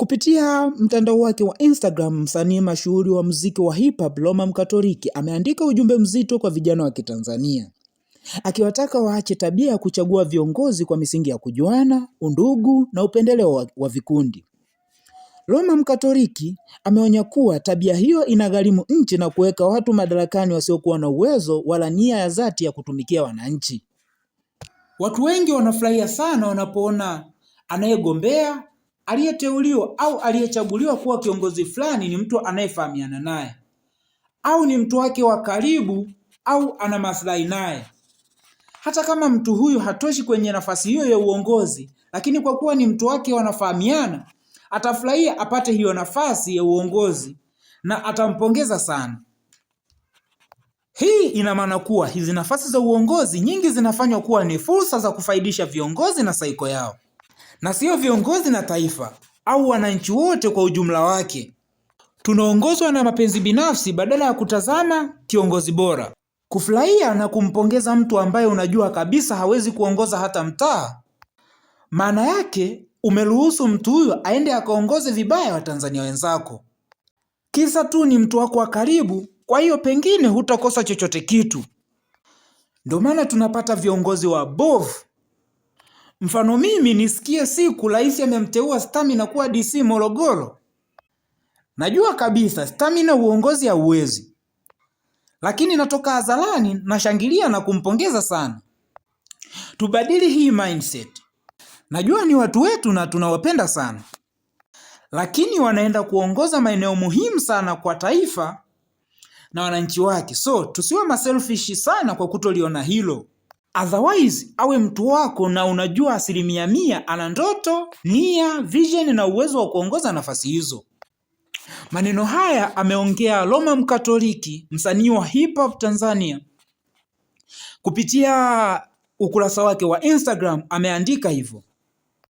Kupitia mtandao wake wa Instagram, msanii mashuhuri wa muziki wa hip hop Roma Mkatoliki ameandika ujumbe mzito kwa vijana wa Kitanzania akiwataka waache tabia ya kuchagua viongozi kwa misingi ya kujuana, undugu na upendeleo wa, wa vikundi. Roma Mkatoliki ameonya kuwa tabia hiyo inagharimu nchi na kuweka watu madarakani wasiokuwa na uwezo wala nia ya dhati ya kutumikia wananchi. Watu wengi wanafurahia sana wanapoona anayegombea aliyeteuliwa au aliyechaguliwa kuwa kiongozi fulani ni mtu anayefahamiana naye au ni mtu wake wa karibu au ana maslahi naye. Hata kama mtu huyu hatoshi kwenye nafasi hiyo ya uongozi, lakini kwa kuwa ni mtu wake wanafahamiana, atafurahia apate hiyo nafasi ya uongozi na atampongeza sana. Hii ina maana kuwa hizi nafasi za uongozi nyingi zinafanywa kuwa ni fursa za kufaidisha viongozi na saiko yao na sio viongozi na taifa au wananchi wote kwa ujumla wake. Tunaongozwa na mapenzi binafsi badala ya kutazama kiongozi bora, kufurahia na kumpongeza mtu ambaye unajua kabisa hawezi kuongoza hata mtaa. Maana yake umeruhusu mtu huyo aende akaongoze vibaya Watanzania wenzako, kisa tu ni mtu wako wa karibu. Kwa hiyo pengine hutakosa chochote kitu. Ndio maana tunapata viongozi bovu Mfano mimi nisikie siku rais amemteua Stamina kuwa DC Morogoro. Najua kabisa Stamina uongozi hauwezi, lakini natoka hadharani nashangilia na kumpongeza sana. Tubadili hii mindset. Najua ni watu wetu na tunawapenda sana, lakini wanaenda kuongoza maeneo muhimu sana kwa taifa na wananchi wake, so tusiwe maselfish sana kwa kutoliona hilo. Otherwise awe mtu wako na unajua asilimia mia ana ndoto, nia, vision na uwezo wa kuongoza nafasi hizo. Maneno haya ameongea Roma Mkatoliki, msanii wa hip hop Tanzania. Kupitia ukurasa wake wa Instagram ameandika hivyo.